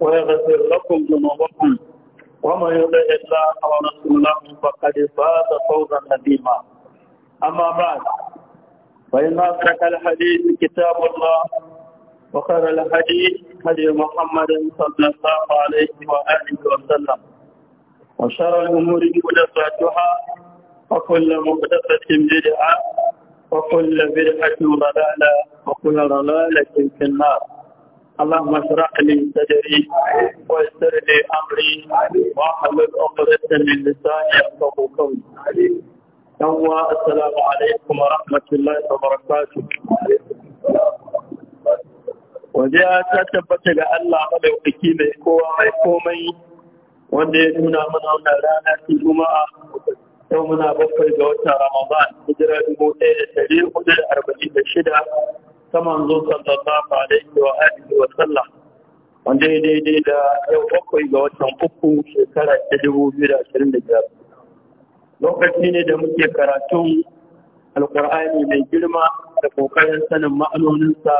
ويغفر لكم ذنوبكم ومن يطع الله ورسوله فقد فاز فوزا عظيما اما بعد فان اصدق الحديث كتاب الله وخير الحديث هدي محمد صلى الله عليه واله وسلم وشر الامور محدثاتها وكل محدثه بدعه وكل بدعه ضلاله وكل ضلاله في النار اللهم اشرح لي صدري ويسر لي امري واحلل عقدة من لساني يفقهوا قولي السلام عليكم ورحمة الله وبركاته wajiya ta tabbata ga Allah madaukaki mai kowa mai komai wanda ya nuna mana wannan rana ta juma'a yau muna bakwai ga watan ramadan dubu ɗaya da ɗari hudu da arba'in da shida ta manzo sallallahu alaihi wa alihi wa sallam wanda ya daidai da yau bakwai ga watan uku shekara ta dubu biyu da ashirin da biyar lokaci ne da muke karatun alkur'ani mai girma da kokarin sanin ma'anoninsa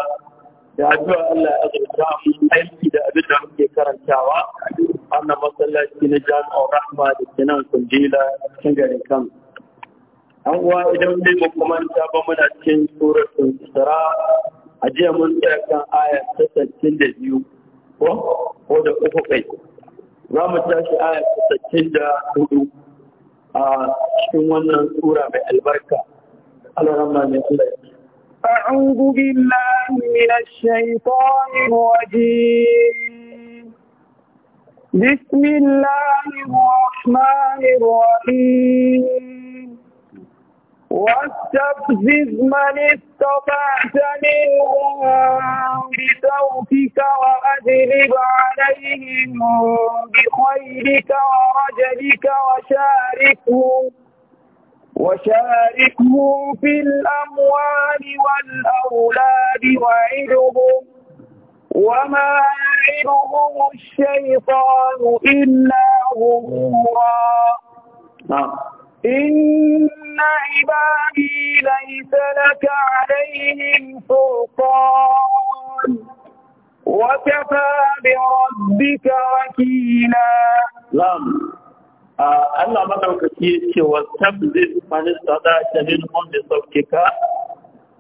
da addu'a Allah ya azurta mu aiki da abin da muke karantawa wannan masallaci na jami'ar rahma da kinan sun kundila cikin garin kan. an wa idan bai makamanta ba muna cikin suratul isra a jiya mun tsaya kan aya ta sattin da biyu ko ko da uku kai za mu tashi aya ta sattin da hudu a cikin wannan sura mai albarka Allah rahma ne Allah ya أعوذ بالله من الشيطان الرجيم بسم الله الرحمن الرحيم واستفزز من استطعت منهم بصوتك وأجلب عليهم بخيرك ورجلك وشاركهم وشاركهم في الأموال والأولاد وعدهم وما يعدهم الشيطان إلا غرورا نعم. إن na ليس لك عليهم سلطان وكفى بربك وكيلا نعم Allah madaukaki ya ce wa tabbin manista da ta min wanda sauke ka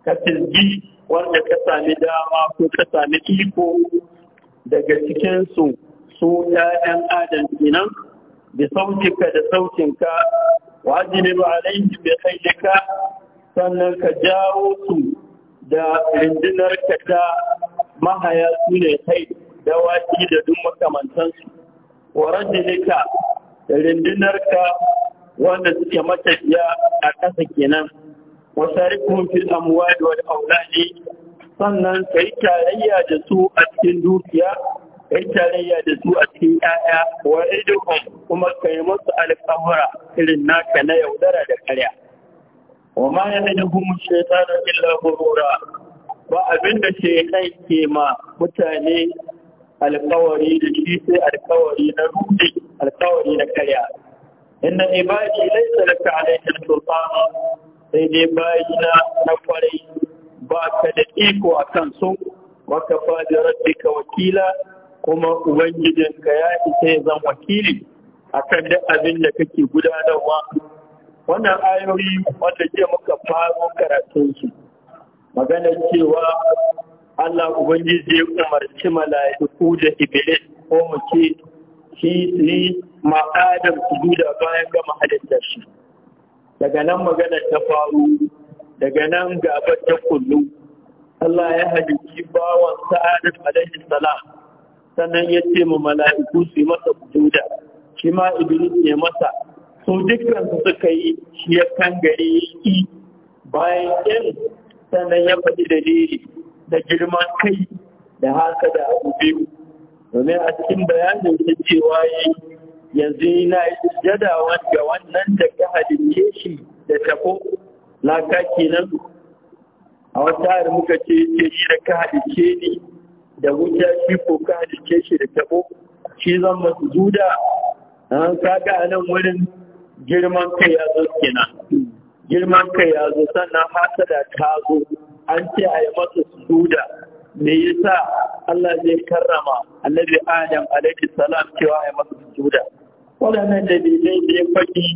ka tilgi wanda ka sami dama ko ka sami iko daga cikinsu su ‘ya'yan adam kenan da sautinka da sautinka wajinib alaihim bi khaylika sannan ka jawo su da rindinar ta mahaya su ne kai waki da duk makamantansu wa rajulika da rindinar ka wanda suke matafiya a ƙasa kenan wa sarikun fil amwali wal auladi sannan kai tarayya da su a cikin dukiya kai tarayya da su a cikin ƴaƴa wa idukum kuma kai musu alƙawura irin naka na yaudara da karya wa ma ya'idukum shaytanu illa ghurura ba abin da ke ma mutane alƙawari da shi sai alƙawari na rudi alƙawari na karya inna ibadi laysa laka alayhim sultan sai dai bayina na kwarai ba ka da iko a kansu waka fa da rabbika wakila kuma ubangijinka ya isa ya zan wakili kan da abin da kake gudanarwa wannan ayoyi wanda ke muka faro karatunsu magana cewa Allah Ubangiji ya umarci mala'iku da Iblis ko mu ce shi ne ma su guda bayan gama halitta shi. Daga nan magana ta faru, daga nan gaba ta kullu. Allah ya halitti bawan sa'adar alaihi salam sannan ya ce mu mala'iku su yi masa sujuda shi ma Iblis ya masa su dukkan su suka yi shi ya kan kangare yi bayan yin sannan ya faɗi da dalili da girma kai da haka da abu biyu domin a cikin bayanin da cewa yi yanzu yana jada ga wannan da ka halince shi da tafo laka kenan a wata hari muka ce ce shi da ka halince ne. da wuta shi ko ka halice shi da tabo shi zan masu juda an kaga a nan wurin girman kai ya zo kenan girman kai ya zo sannan da ta zo an ce a yi masa sujuda me yasa Allah zai karrama annabi Adam alaihi salam cewa a yi masa wannan da dalilai da ya faɗi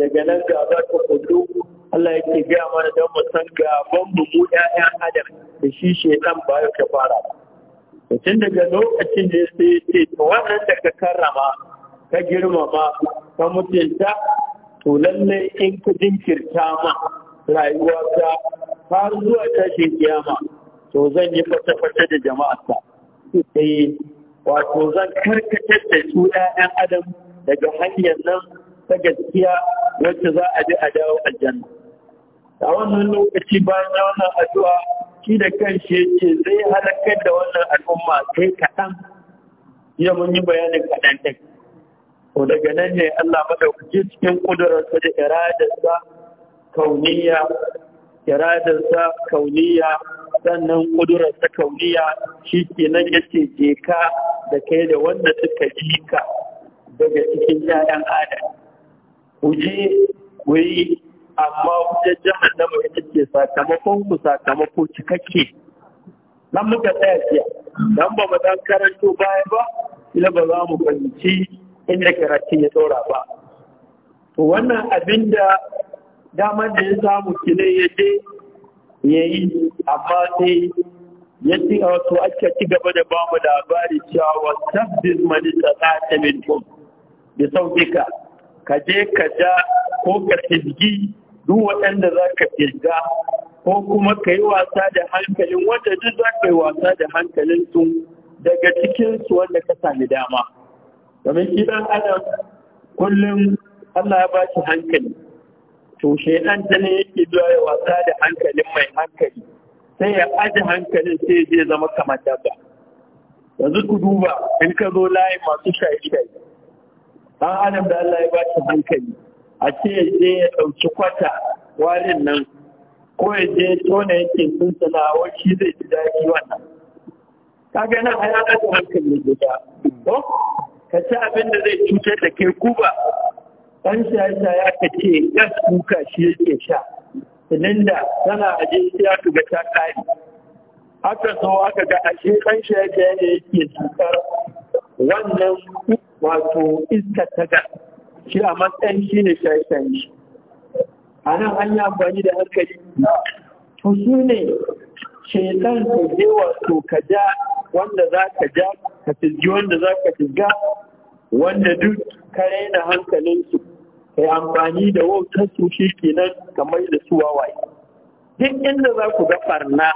daga nan ga za ka kudu Allah yake gaya mana don mu san gaban mu mu 'ya'yan Adam da shi shedan ba ya fara ba tun daga lokacin da sai ce wannan da ka karrama ka girmama ka mutunta to lallai in ka jinkirta ma rayuwa ta har zuwa tashin kiyama to zan yi fata-fata da jama'arsa sai eh, wato zan karkatar da su 'ya'yan adam daga hanyar nan ta gaskiya wacce za a bi a dawo aljanna a wannan lokaci bayan ya wannan addu'a shi da kanshi ce, zai halakar da wannan al'umma kai kaɗan ya mun yi bayanin kaɗan ɗin to daga nan ne Allah madaukaki cikin kudurarsa da iradarsa kauniya iradarsa kauniya sannan kudurarsa kauniya shi kenan ya ce ka da kai da wanda suka ji ka daga cikin 'ya'yan adam ku je ku yi amma wajen jahannama ita ce sakamakon ku sakamako cikakke nan muka tsaya jiya dan ba mu dan karanto baya ba ila ba za mu fahimci inda karatun ya tsora ba to wannan da damar da ya samu kile ya je ya yi amma sai ya ci wasu aka ci gaba da ba mu labari cewa wasabbis mani tsakata mintum da sauƙi ka ka je ka ja ko ka tilgi duk waɗanda za ka ƙirga ko kuma ka yi wasa da hankalin wanda duk za ka yi wasa da hankalin su daga cikinsu wanda ka sami dama domin idan ɗan adam kullum Allah ya ba shi hankali to ɗan ta ne yake zuwa ya wasa da hankalin mai hankali sai ya aji hankalin sai zai zama kamar dabba yanzu ku duba in ka zo layin masu shaye-shaye ɗan adam da Allah ya ba shi hankali a ce ya je ya ɗauki kwata warin nan ko ya je tona yake sun sana'awar shi zai ji daɗi wannan kaga nan a yana da hankali guda ko ka ci abin da zai cutar da ke kuba ɗan shayasa ya ka ce gas kuka shi yake sha da tana aje sai ya ga ta ƙari aka zo aka ga ashe ɗan shayasa ne yake cutar wannan wato iska ta gas shi a matsayin shi ne shaye-shaye shi a nan an yi amfani da hankali to su ne shaitan ka je wato ka ja wanda za ka ja ka fizgi wanda za ka fizga wanda duk ka raina hankalinsu kai amfani da wautar su shi kenan kamar da su wawaye duk inda za ku ga farna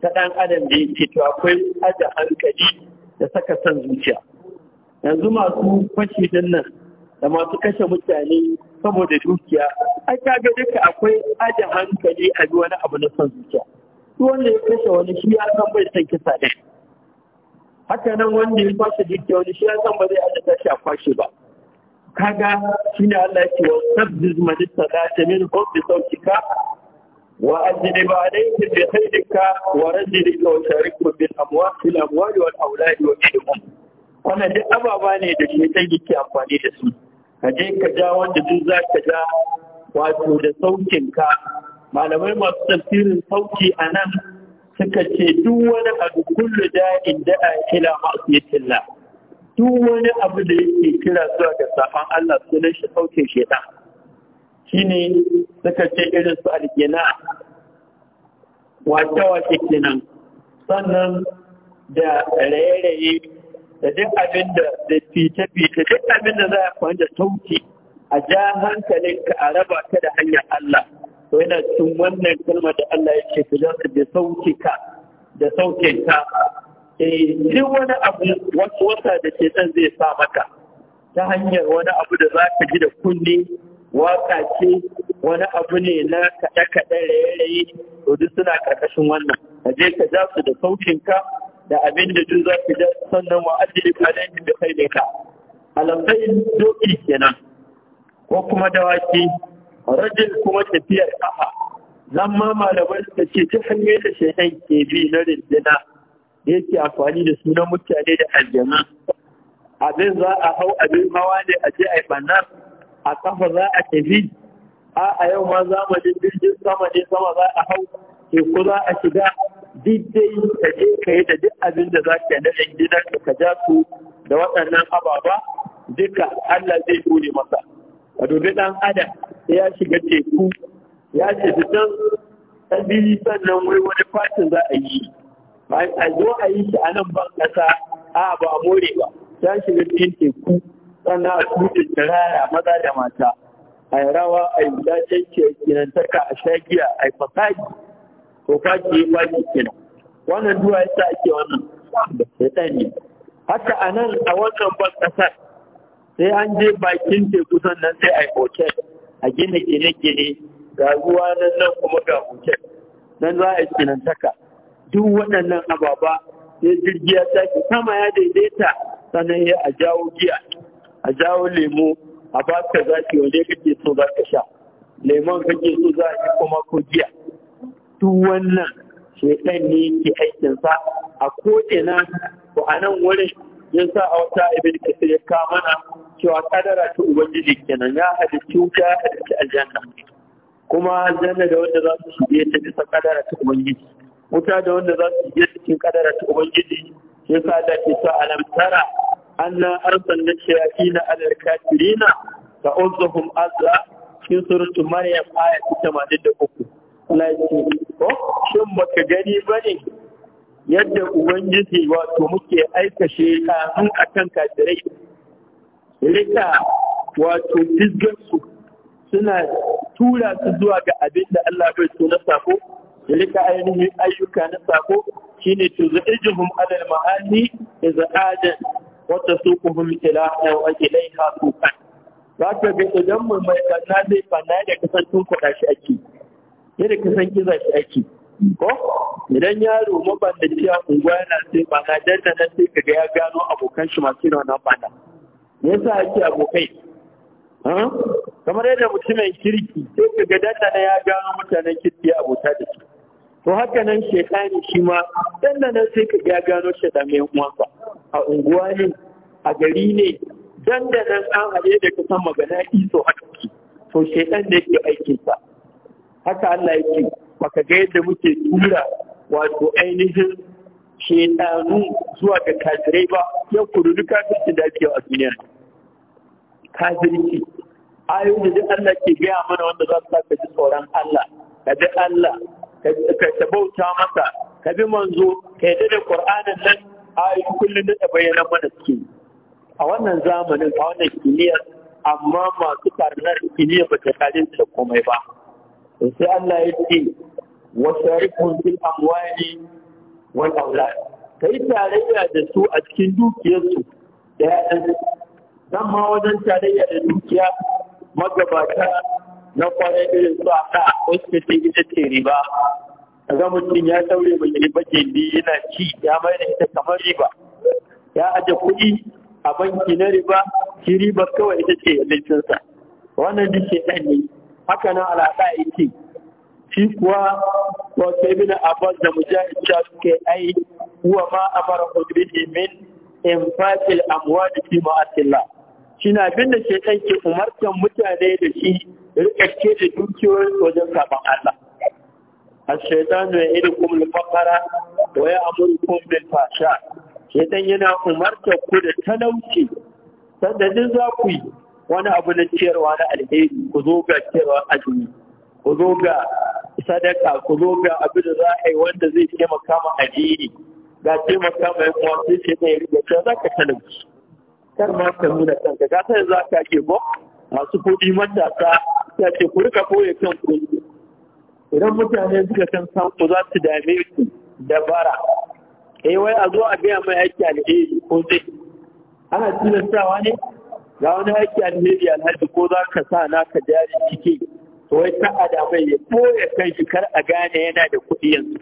ta ɗan adam da yake to akwai aja hankali da saka son zuciya yanzu masu fashi din nan da masu kashe mutane saboda dukiya a kaga duka akwai ajin hankali a bi wani abu na son zuciya duk wanda ya kashe wani shi ya san bai san kisa ne haka nan wanda ya kwashe dukiya wani shi ya san ba zai aje tashi a kwashe ba kaga ne Allah ke wa sabbiz majista da ta min sauki ka? wa ajlib alayhi bi khayrika wa rajlika wa sharikhu bil amwal fil amwal wal awlad wa ilm wannan duk ababa ne da shi ta yake amfani da su ka je ka ja wanda duk za ka ja wato da saukin ka malamai masu tafsirin sauki a nan suka ce duk wani abu kullu kila masu ila ma'asiyatillah duk wani abu da yake kira zuwa ga safan Allah sunan shi sauke Shi shine suka ce irin su algina wata wace kenan sannan da raye-raye da duk abin da da fita-fita duk abin da za a kwan da sauki a ja hankalin ka a raba ka da hanyar Allah to yana cikin wannan kalmar da Allah ya ce fijar da ka da ka. eh duk wani abu wasu wasa da ke zai sa maka ta hanyar wani abu da za ka ji da kunne waka ce wani abu ne na kaɗe-kaɗe raye-raye to duk suna ƙarƙashin wannan ka je ka za su da ka da abin da duk za ka da sannan wa ajiye alaihi da kai da ka alamai doki kenan ko kuma dawaki rajin kuma tafiyar kafa zan ma malamai suka ce ta hanyar da shekai ke bi na rindina da yake amfani da sunan mutane da aljanna abin za a hau abin hawa ne a je a yi bannan a kafa za a tafi a a yau ma zamanin jirgin sama ne sama za a hau teku za a shiga diddai ka je ka yi da duk abin da za ka na ɗan gidan ka ja su da waɗannan ababa duka Allah zai dole masa. A dubi ɗan adam ya shiga teku ya su can tsabiri sannan wai wani fatin za a yi. A zo a yi shi a nan ban ƙasa a ba a more ba. Ya shiga cikin teku sannan a tuɗe kirara maza da mata. A yi rawa, a yi wulacen ke kinantaka a shagiya, a yi fasadi. to faki ya ke kenan wannan duwa yasa ake wannan da tsani haka a nan a wannan ban kasar sai an je bakin teku sannan sai a yi hotel a gina gine-gine ga ruwa nan nan kuma ga hotel nan za a yi taka duk waɗannan ababa sai jirgi ya tashi sama ya daidaita sannan ya a jawo giya a jawo lemo a ba ka zaki wanda kake so za ka sha lemon kake so za a yi kuma ko giya duk wannan ɗan ne yake aikinsa a ko'ina ko a nan wurin ya sa a wata abin da ya kama na cewa kadara ta ubangiji kenan ya halicci wuta ya halicci aljanna kuma aljanna da wanda za su shige ta bisa kadara ta ubangiji wuta da wanda za su shige cikin kadara ta ubangiji ya sa da ke sa alam tara anna arsalna shayatina alal kafirina fa uzzahum azza cikin suratul maryam aya 83 shin baka gani bane yadda ubangiji wato muke aika shekaru akan kafirai rika wato fisgarsu suna tura su zuwa ga abin da Allah bai so na sako rika ainihin ayyuka na sako shine to za'ijuhum alal ma'ani idza adan wa tasuquhum ila wa ilayha tuqan ga idan mai mai kanna zai fanna da kasantun kudashi ake yadda ka san kiza shi ake ko idan yaro mabandaci a unguwa yana sai ba na danna nan sai kaga ya gano abokan shi masu irin wannan bana me yasa ake abokai kamar yadda mutumin kirki sai kaga danna na ya gano mutanen kirki ya abota da su to haka nan shekani shi ma danna nan sai kaga ya gano shi da mai uwansa a unguwa ne a gari ne nan an haɗe da ka magana iso haka to shekani da yake aikinsa haka Allah yake baka ga yadda muke tura wato ainihin shedanu zuwa ga kafirai ba ya duka kafirci da ake a duniya kafirci ayo da Allah ke gaya mana wanda za su saka ji tsoron Allah ka bi Allah ka bauta masa ka bi manzo ka yi da Qur'anin nan ayo kullum da bayyana mana suke a wannan zamanin a wannan kimiyyar amma masu karnar kimiyya ba ta kare da komai ba sai Allah ya ce wa sharikun fil amwali wal aulad kai tarayya da su a cikin dukiyarsu da dan ma wajen tarayya da dukiya magabata na kwanan irin su a ta wasu ce ita ce riba ga mutum ya daure mai riba gindi yana ci ya mai da ita kamar riba ya aje kuɗi a banki na riba shi riba kawai ita ce laifinsa wannan duk ɗan ne haka nan alaƙa yake shi kuwa yi bin abbas da mujahid ta suke ai kuwa ma hudu hudrihi min infaqil da fi shi na bin da shaytan ke umartan mutane da shi rikakke da dukiyoyi wajen sabon Allah A ya amuri kuma bin fasha shaitan yana umarta ku da talauci sadadin duk za ku yi wani abu na ciyarwa na alheri ku zo ga ciyarwa azumi ku zo ga sadaka ku zo ga abin da za a yi wanda zai taimaka ma addini ga taimaka ma yan uwa sai ce zai riga ta za ka talauci kar ma ka nuna kanka ka san za ka ke ba masu kuɗi matasa ta ce ku rika koya kan kuɗi idan mutane suka san san ku za su dame ku da bara eh wai a zo a gaya mai aiki alheri ko sai ana tilastawa ne ga wani haƙƙi alheri alhaji ko za ka sa naka jari ciki to wai ta da ya ɓoye kan shi kar a gane yana da kuɗi yanzu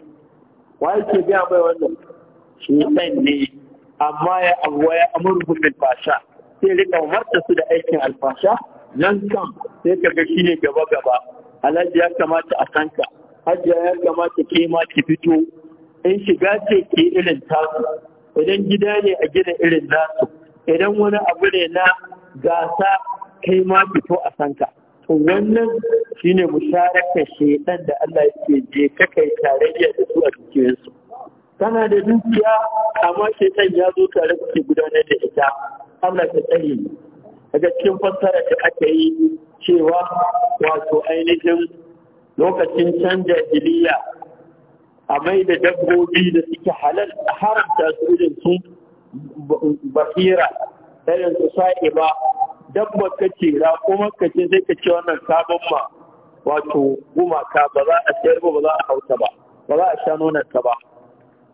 wa yake biya mai wannan shi ɗan ne amma ya abuwa ya amurku bil fasha sai rika umarta su da aikin alfasha nan kan sai ka ga ne gaba gaba alhaji ya kamata a kanka. hajiya ya kamata ke ma ki fito in shiga ce ke irin tasu idan gida ne a gina irin nasu idan wani abu ne na gasa kai ma fito a sanka to wannan shine musharaka shaidan da Allah yake je ka kai tarayya da su a dukiyansu tana da dukiya amma shaidan ya zo tare ke gudanar da ita Allah ta tsaye. daga cikin fassara da aka yi cewa wato ainihin lokacin canja jiliya a mai da dabbobi da suke halal a haramta su irin su basira irin su sa'iba dabba kace raƙumar ce sai ka ce wannan sabon ma wato gumaka ba za a sayar ba ba za a hauta ba ba za a sha nonarta ba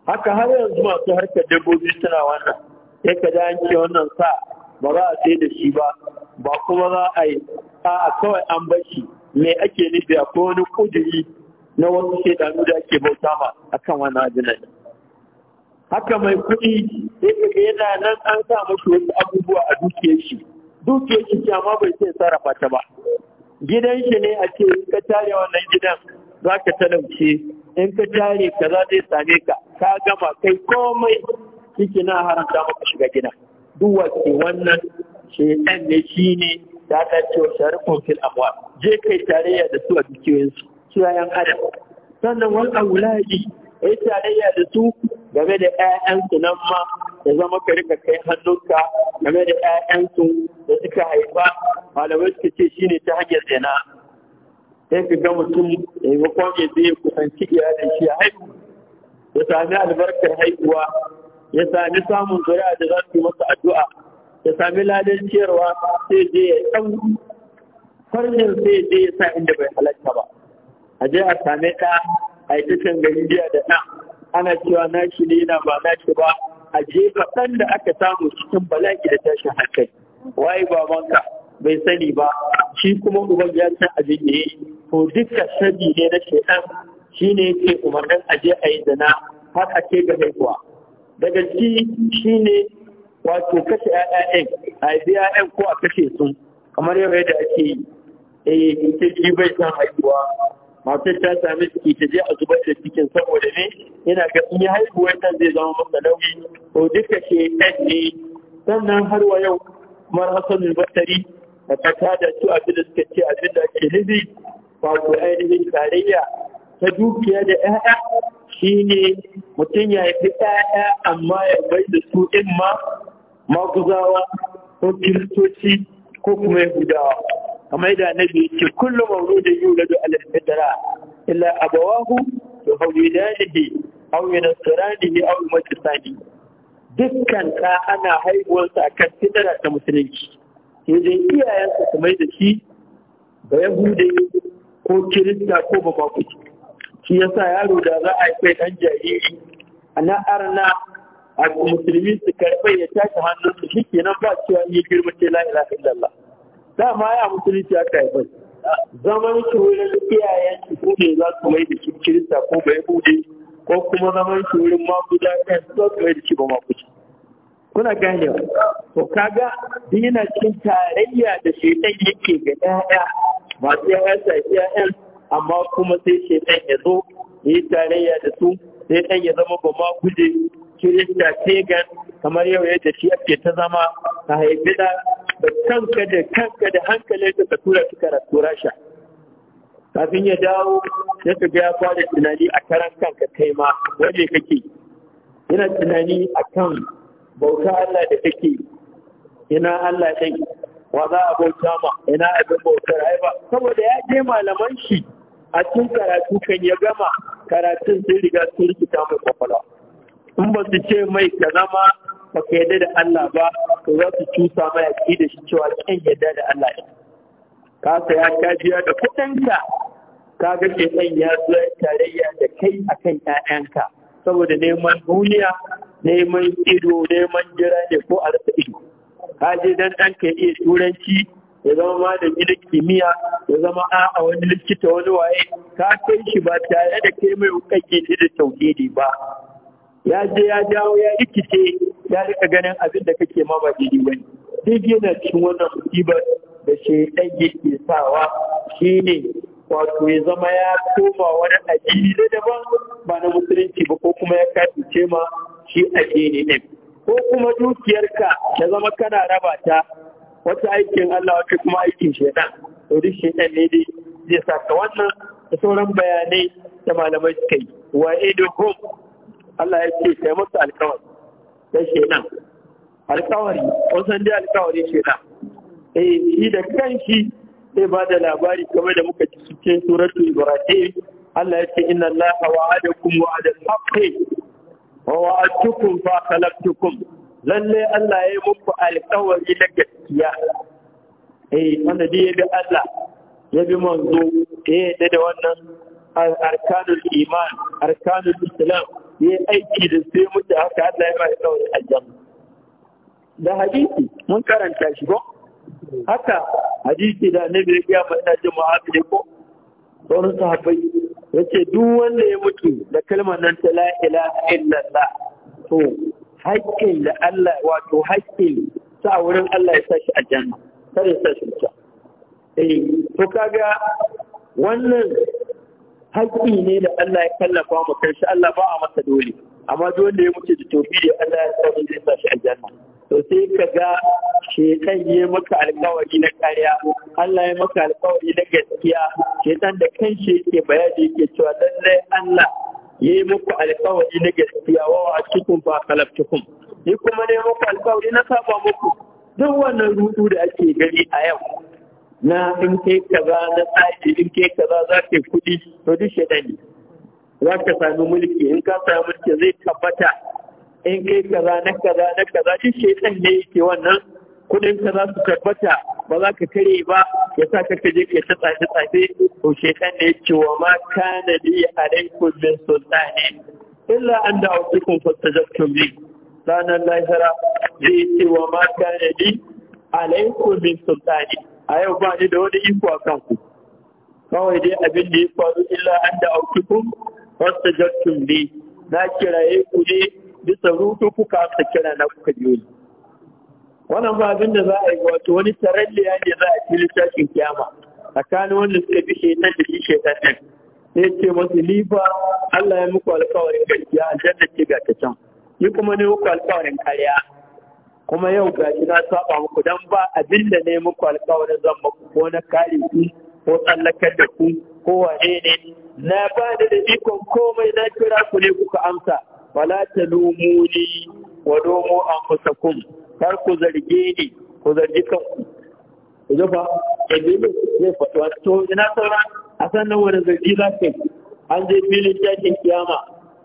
haka har yanzu masu harkar dabbobi suna wannan sai ka da an ce wannan sa ba za a sai da shi ba ba kuma za a yi a kawai an bashi me ake nufi akwai wani kudiri na wasu shaidanu da ake bauta ma akan wani ajinan haka mai kuɗi yake yana nan an sa mashi wasu abubuwa a dukiyar shi dukiyar shi ce amma bai ce sarrafa ta ba gidan shi ne a ce ka tare wannan gidan za ka talauce in ka tare ka za zai same ka ka gama kai komai ciki na haramta maka shiga gidan duk wace wannan shaitan ne shi ne da ta ce wa sharifin fil amwa je kai tarayya da su a dukiyoyinsu su yayan adam sannan wal aulaji ya yi tarayya da su game da 'ya'yansu nan ma da zama ka rika kai hannunka game da 'ya'yansu da suka haifa malamai suka ce shi ne ta hanyar zina sai ka ga mutum makon ya zai kusanci iyalin shi ya haihu ya sami albarkar haihuwa ya sami samun zuri'a da za su masa addu'a ya sami ladan ciyarwa sai je ya ɗan Farnin sai je ya sa inda bai halarta ba a je a sami ɗa a yi ta da ɗan ana cewa shi ne yana ba shi ba a jefa ɗan da aka samu cikin bala'i da tashin hankali waye babanka bai sani ba shi kuma uban ya san abin da yi to duka sabi ne na shaitan shi ne yake umarnin aje a yi zina har a ke ga haihuwa daga ci shi ne wato kashe ya'ya'yan a yi ya'yan ko a kashe su kamar yau yadda ake yi eh ita shi bai san haihuwa matar ta sami ciki ta je a zubar da cikin saboda ne yana ga in yi haihuwa ta zai zama masa nauyi ko duka ke ɗan ne sannan har wa yau kamar mai batari a kata da su abin da suka ce abin da ake nufi Ba ku ainihin tarayya ta dukiya da 'ya'ya shi ne mutum ya haifi ƴaƴa amma ya bai da su in ma maguzawa ko kiristoci ko kuma yahudawa kamar da annabi ce kullu mawludi yuladu ala al-fitra illa abawahu yuhawidanihi aw yunsiranihi aw yumajjisanihi dukkan ɗa ana haihuwarsa a kan fitara ta musulunci sai dai iyayensa su mai da shi ba yahude ko kirista ko ba ku shi yasa yaro da za a kai ɗan jariri a arna a musulmi su karɓai ya tashi su, shi kenan ba cewa ni girma ce la ilaha illallah dama ya musulunci aka yi bai zaman shi wurin kiyayen shi ko ne za su mai da shi kirista ko bai bude ko kuma zaman shi wurin maguda kan su za su mai da shi ba maguda kuna gane wa to kaga Dina yana cikin tarayya da shaitan yake ga ɗaya masu yayan sa iyayen amma kuma sai shaitan ya zo ya yi tarayya da su sai ɗan ya zama ba ma guje kirista tegan kamar yau yadda shi ake ta zama ta haifi da da kanka da kanka da hankali da ka tura shi karatu rasha kafin ya dawo ya ga ya fara tunani a karan kanka kai ma wanda kake yana tunani a kan bauta Allah da kake ina Allah dai, wa za a bauta ma ina abin bautar haifa? ba saboda ya je malaman shi a cikin karatu kan ya gama karatun sai riga sun rikita mai kwakwalwa in ba su ce mai ka zama ba ka yadda da Allah ba to za su cusa mai aki da shi cewa kan yadda da Allah ya ka saya ka biya da kuɗinka ka ga shekan ya zo tarayya da kai akan ƴaƴanka saboda neman duniya neman ido neman jira ne ko a rasa ido ka je dan ɗanka ya iya turanci ya zama da gina kimiyya ya zama a wani likita wani waye ka kai shi ba tare da kai mai hukakke da tauhidi ba ya je ya dawo ya rikice ya rika ganin abin da kake ma ba daidai bane duk yana cikin wannan musibar da shi ɗan yake sawa shine wato ya zama ya koma wani addini da daban ba na musulunci ba ko kuma ya kafice ma shi addini ne ko kuma dukiyarka ya zama kana raba ta wata aikin Allah wata kuma aikin shaidan to duk shaidan ne dai zai saka wannan da sauran bayanai da malamai suka yi wa Allah ya ce sai musu alkawari da shedan alkawari wasan dai alkawari shedan eh shi da kanshi sai ba da labari kamar da muka ci cikin suratul ibrahim Allah ya ce inna Allah wa'adakum wa'adal haqqi wa wa'adtukum fa khalaqtukum lalle Allah ya yi muku alkawari na gaskiya eh wanda dai da Allah ya bi manzo eh da wannan arkanul iman arkanul islam ya aiki da sai mutu haka Allah ya ba shi kawai aljanna da hadisi mun karanta shi ko haka hadisi da annabi ya gaya mana jin mu'amili ko sauran sahabbai yace duk wanda ya mutu da kalmar nan ta la ilaha illallah to haƙƙin da Allah wato haƙƙin sa wurin Allah ya sa shi janna. kada ya sa shi wuta eh to kaga wannan haƙƙi ne da Allah ya kallafa mu kai shi Allah ba a masa dole amma dole ya mutu da da Allah ya sa zai sa shi aljanna to sai ka ga shekan ya maka alƙawari na kariya Allah ya maka alƙawari na gaskiya shekan da kanshi yake bayani yake cewa lallai Allah ya yi muku alƙawari na gaskiya wa a cikin ba kalaftukum ni kuma ne muku alƙawari na saba muku duk wannan rudu da ake gani a yau na in ke kaza na tsari in ke kaza za ka kuɗi to duk shaidani za ka sami mulki in ka sami mulki zai tabbata in kai kaza na kaza na kaza duk shaidan ne yake wannan kudin ka za su tabbata ba za ka kare ba ya sa ka kaje ka ta tsafe tsafe to shaidan ne yake wa ma kana li alaikum bin sultani illa an da'utukum fastajabtum li ranar lahira zai yi wa ma kana li alaikum bin sultani a yau ba ni da wani iko a kanku kawai dai abin da ya faru illa an da ku wasta jattun ne na kiraye ku ne bisa rutu kuka aka kira na kuka biyo Wani wannan ba abin da za a yi wato wani taralliya ne za a fili kyama kiyama tsakanin wanda suka fi shi nan da shi shaitan ɗin sai ce masu lifa Allah ya muku alkawarin gaskiya aljanna ce ga ta can ni kuma ne muku alkawarin kariya. kuma yau ga shi na saba muku dan ba abin da ne muku alƙawarin zan muku ko na kare ku ko tsallakar da ku ko wane ne na ba da da ikon komai na kira ku ne kuka amsa ta lumu ne wa domo kun kar ku zarge ni ku zargi kanku yanzu fa yanzu zai ne wani to ina saura a sannan wani zargi za ka yi an je filin jakin kiyama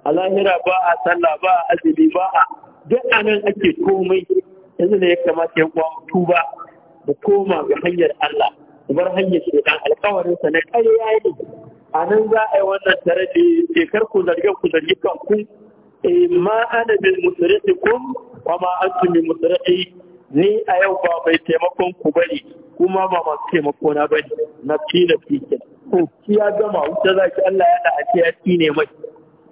a lahira ba a sallah ba a azumi ba a duk anan ake komai yanzu ne ya kamata ya kuwa mutu ba, mu koma ga hanyar Allah mu bar hanyar shedan alƙawarin sa na ƙarya ne a nan za a yi wannan tare eh, da shekar ku zargen ku zargi kanku eh, ma ana bil kun? wa ma an bil musulunci. ni a yau ba mai taimakon ku bane kuma ba masu taimako na bane na fi na fi ko oh, ya gama wuta zaki Allah ya da a ne mai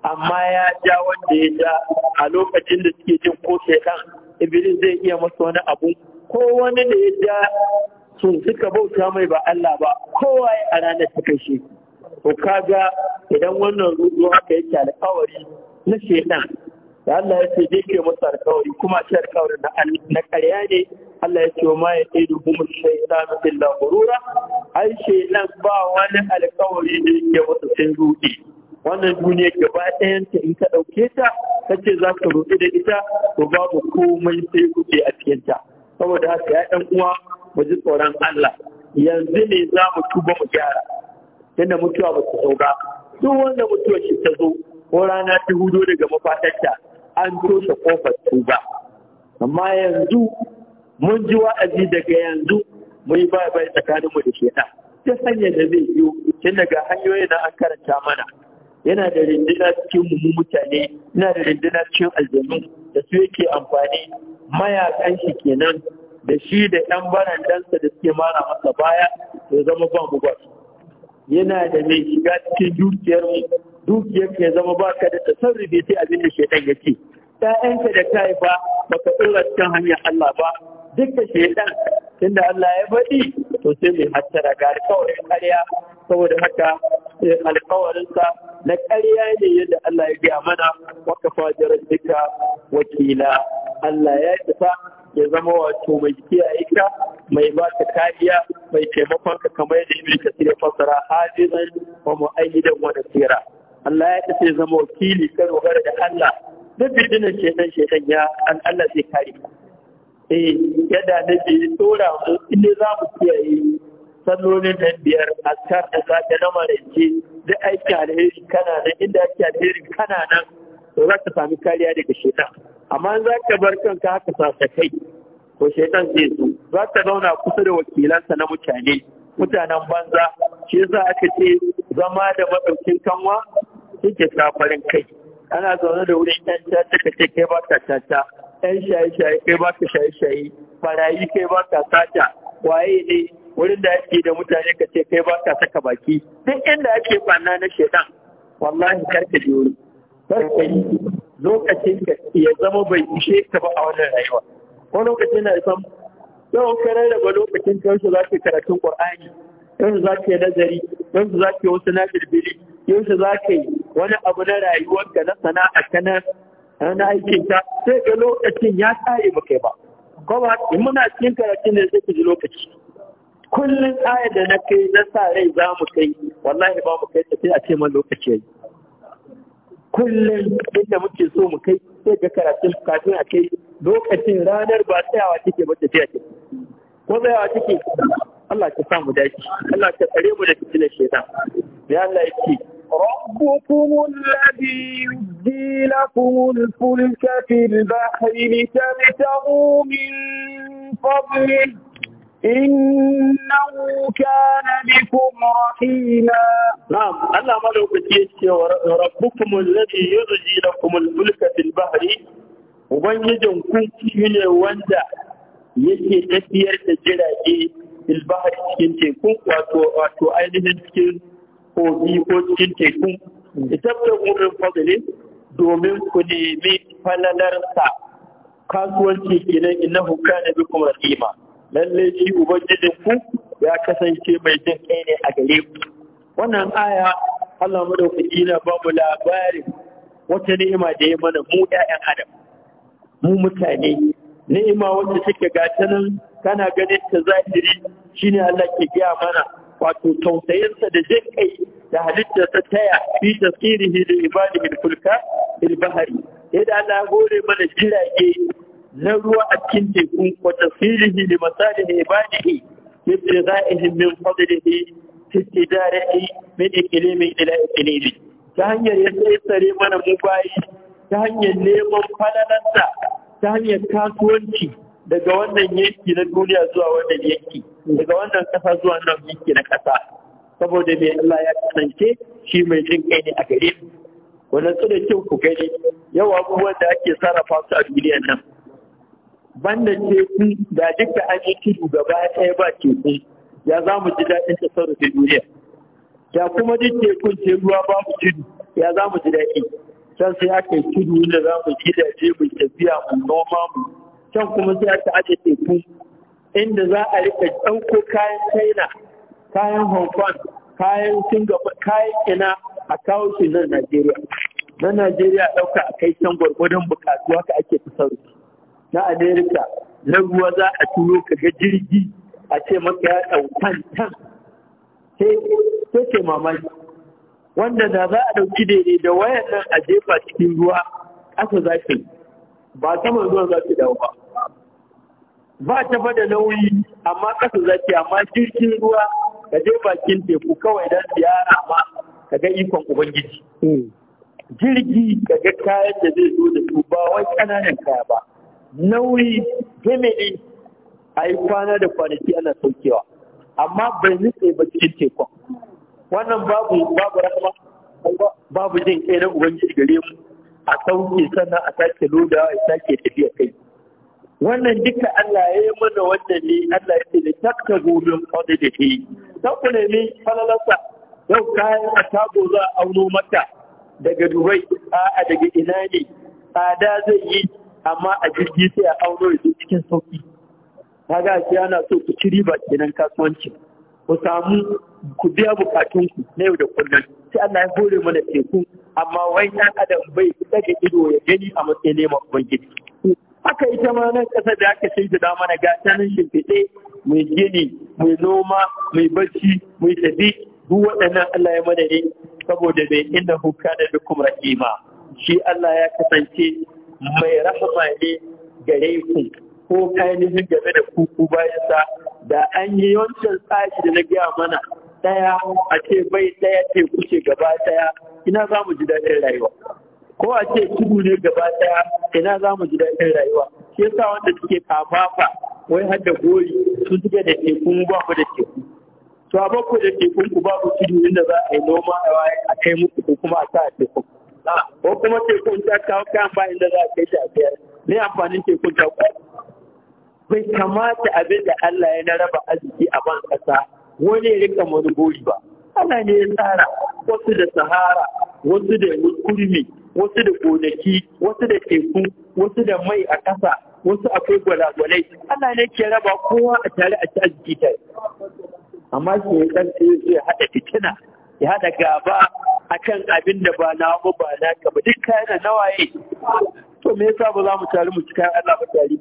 amma ya ja wanda ya ja a lokacin da suke jin ko shekan ibirin zai iya masa wani abu ko wani da ya ja sun suka bauta mai ba Allah ba kowa a ranar suka shi ko kaga idan wannan rudu haka yake alkawari na shekan da Allah ya ce zai ke masa alkawari kuma shi alkawari na karya ne Allah ya ce wa ma ya da kuma shaitan illa gurura ai ba wani alkawari da yake masa sun wannan duniya gaba ɗayanta in ka ɗauke ta kace za ka roƙi da ita to babu komai sai kuke a cikin ta. saboda haka ya ɗan uwa mu ji tsoron Allah yanzu ne za mu tuba mu gyara tunda mutuwa ba ta zo ba duk wanda mutuwa shi ta zo ko rana ta hudo daga mafatarta an toshe kofar tuba amma yanzu mun ji wa'azi daga yanzu muyi yi bai bai tsakaninmu da shi ta hanyar da zai yiwu, tun daga hanyoyin da an karanta mana yana da rindina cikin mu mutane yana da rindina cikin aljanu da su yake amfani mayakan shi kenan da shi da yan barandansa da suke mara masa baya ya zama ba mu ba yana da mai shiga cikin dukiyar mu dukiyar ya zama ba ka da tasarrufi sai abin da shaitan ya ce da kai ba baka tsira cikin hanyar Allah ba duka shedan tunda Allah ya faɗi to sai mai hattara ga alƙawarin ƙarya saboda haka eh, alƙawarinsa na ƙarya ne yadda Allah ya biya mana waka kafa duka wakila Allah ya tafa ya zama wato mai kiyaye ka mai ba ka kariya mai taimakon ka kamar yadda Ibn Kathir ya fassara hajizan wa mu'ayyidan wa nasira Allah ya tafi ya zama wakili kan dogara da Allah duk bidinin shedan shedan ya Allah zai kare ka eh yadda nake dora mu inda za mu kiyaye sallolin nan biyar askar da safe na maraice da aiki alheri kana nan inda aiki alheri kana nan to za ka sami kariya daga shaitan amma za ka bar kanka haka sasa kai ko shaitan zai zo za ka zauna kusa da wakilansa na mutane mutanen banza shi za aka ce zama da maɗaukin kanwa suke safarin kai ana zaune da wurin yan caca ka ce kai ba ka caca ɗan shaye-shaye kai ba ka shaye-shaye barayi kai ba ka sata waye ne wurin da ake da mutane ka ce kai ba ka saka baki duk inda ake kwana na shaidan wallahi karka ji wuri karka yi lokacin ka ya zama bai ishe ka ba a wannan rayuwa ko lokacin na san yau ka rarraba lokacin ka yau za ka karatun qur'ani yau za ka yi nazari yau za ka yi wasu na bilbili yau za ka yi wani abu na rayuwarka na sana'a ka na na aikin ta sai ga lokacin ya tsare ba kai ba ko ba in muna cikin karatun ne sai ku ji lokaci kullum ayar da na kai na sa rai za mu kai wallahi ba mu kai ta sai a ce man lokaci yayi kullum inda muke so mu kai sai ga karatun kafin a kai lokacin ranar ba tsayawa take ba tafiya ce ko tsayawa take Allah ta samu dace Allah ta tsare mu da fitilar shaitan ya Allah ya ce ربكم الذي يجدي لكم الفلك في البحر لتبتغوا من فضله إنه كان بكم رحيما نعم أنا ملوك تيشي وربكم الذي يرجي لكم الفلك في البحر وبنجم كنت من واندا yake tafiyar da jirage ilbahar cikin tekun wato ainihin cikin kogi ko cikin teku itabta gumin fadli domin ku nemi falalarsa kasuwanci kenan innahu kana bikum rahima lalle shi ubangijin ku ya kasance mai jin kai ne a gare ku wannan aya Allah madaukaki ina ba mu labarin wata ni'ima da ya mana mu 'ya'yan adam mu mutane ni'ima wacce take gata nan kana ganin ta zahiri shine Allah ke gaya mana wato tausayinsa da jin kai da halitta ta taya fi tasirihi da ibadihi fulka bil bahari yadda Allah gore mana jirage na ruwa a cikin teku wa tasirihi li masalihi ibadihi yabtighaihim min fadlihi fi tijarati min iklimi ila iklimi ta hanyar yadda ya tsare mana mu bayi ta hanyar neman falalansa ta hanyar kasuwanci daga wannan yanki na duniya zuwa wannan yanki daga wannan kasa zuwa nan yanki na ƙasa saboda mai Allah ya kasance shi mai jin kai ne a gare mu wannan su da kyau ku gani yawa abubuwan da ake sarrafa su a duniya nan banda teku da duka an yi tudu gaba ɗaya ba teku ya za mu ji daɗin tasarrufin duniya da kuma duk tekun ce ruwa mu tudu ya za mu ji daɗi can sai aka yi tudu da za mu gidaje mu tafiya mu noma mu can kuma sai ta aje teku inda za a rika ɗauko kayan china kayan hong kong kayan singapore kayan ina a kawo shi nan najeriya na najeriya ɗauka a kai can gwargwadon bukatu haka ake fitar na america na ruwa za a turo ka ga jirgi a ce maka ya ɗaukan can. sai ke mamaki wanda da za a ɗauki daidai da wayan nan a jefa cikin ruwa ƙasa za ba ta zuwa za ki dawo ba ba ta fada nauyi amma kasa za ki amma jirgin ruwa ka je bakin teku kawai don ziyara ma ka ga ikon ubangiji hmm. jirgi ka ga kayan da zai zo da su ba wai ƙananan kaya ba nauyi gemini a yi kwana da kwanaki ana saukewa amma bai nutse ba cikin tekun wannan babu babu rahama babu jin kai na ubangiji gare mu a sauke sannan a sake loda a sake tafiya kai wannan duka Allah ya yi mana wannan ne Allah ya ce da takka gobin kwanza da ke don ku nemi falalarsa yau kayan a tago za a auno mata daga Dubai a daga ina ne tsada zai yi amma a jirgi sai a auno ya zo cikin sauki kaga shi ana so ku ci riba kenan kasuwanci ku samu ku biya bukatunku ku na yau da kullum sai Allah ya hore mana teku amma wai ɗan adam bai fita da ido ya gani a matsayin neman ubangiji haka ita ma nan kasar da aka da mana ga ta nan shimfiɗe mai gini mai noma mai bacci mai tafi duk waɗannan Allah ya mana ne saboda bai inda hukka da dukkan rahima shi Allah ya kasance mai rahama ne gare ku ko kayan game da kuku bayansa da an yi wancan tsari da na gaya mana daya a ce bai daya teku ce gaba daya ina za mu ji daɗin rayuwa ko a ce tudu ne gaba ɗaya ina za mu ji daɗin rayuwa shi yasa wanda suke kafafa wai har da gori su suke da teku mu ba da teku to a bakku da tekun ku babu tudu inda za a yi noma a kai muku ko kuma a sa a tekun ko kuma tekun ta kawo kayan ba inda za a kai ta biyar ne amfanin tekun ta bai kamata abin da Allah ya na raba arziki a ban kasa wani rika wani gori ba ana ne ya tsara wasu da sahara wasu da kurmi wasu da gonaki wasu da teku wasu da mai a ƙasa wasu akwai gwalagwalai ana ne ke raba kowa a tare a ci arziki tare amma shi ya tsarki zai haɗa fitina ya haɗa gaba a kan abin da ba na ba na ka ba duk kayan nawaye to me yasa ba za mu tare mu ci kayan Allah ba tare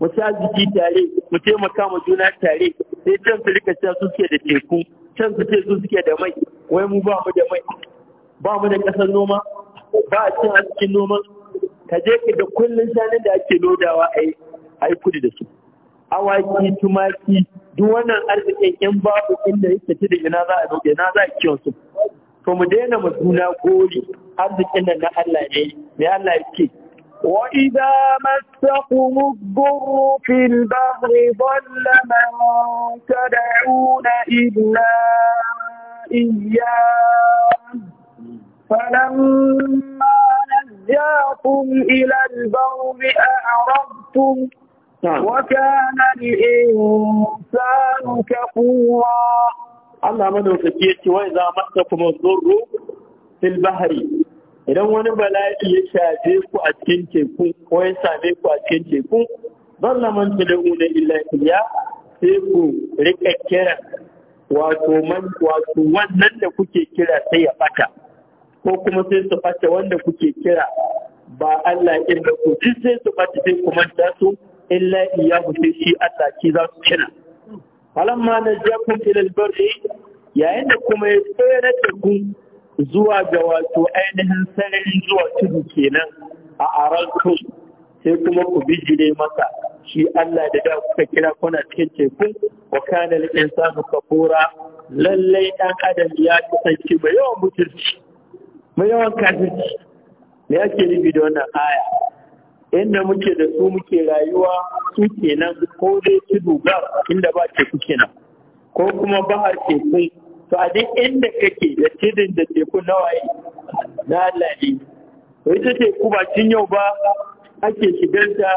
mu sha jiki tare mu taimaka ma juna tare sai can su rika sha su suke da teku can su ce su suke da mai wai mu ba mu da mai ba mu da ƙasar noma ba a cin arzikin noma ka je ka da kullun shanun da ake lodawa a yi kudi da su awaki tumaki duk wannan arzikin in babu inda yake ci da ina za a dauke na za a kiyon su to mu daina mu juna gori arzikin nan na Allah ne me Allah yake نعم. وإذا مسكم الضر في البحر ضل من تدعون إلا إياه فلما نجاكم إلى البر أعرضتم وكان الإنسان كفورا الله منه وكيت وإذا مسكم الضر في البحر idan wani bala'i ya shafe ku a cikin teku ko ya same ku a cikin teku balla man tad'una illa sai ku rika kira wato wannan da kuke kira sai ya bata ko kuma sai su ɓata wanda kuke kira ba Allah in da ku duk sai su ɓata sai ku manta su illa iya ku sai shi Allah ki za su kira falamma najakum ila albarri yayin da kuma ya tsere da ku zuwa ga wato ainihin sarari zuwa tudu kenan a aron kai sai kuma ku bijire masa shi Allah da da kuka kira kuna cikin teku wa kana lil insanu kafura lallai ɗan adam ya kasance mai yawan mutunci mai yawan kafirci me yake nufi da wannan aya inda muke da su muke rayuwa su kenan ko dai tudu ga inda ba teku kenan ko kuma ba bahar kai to a duk inda kake da tudun da teku yi na Allah ne ita teku ba cin yau ba ake shigarta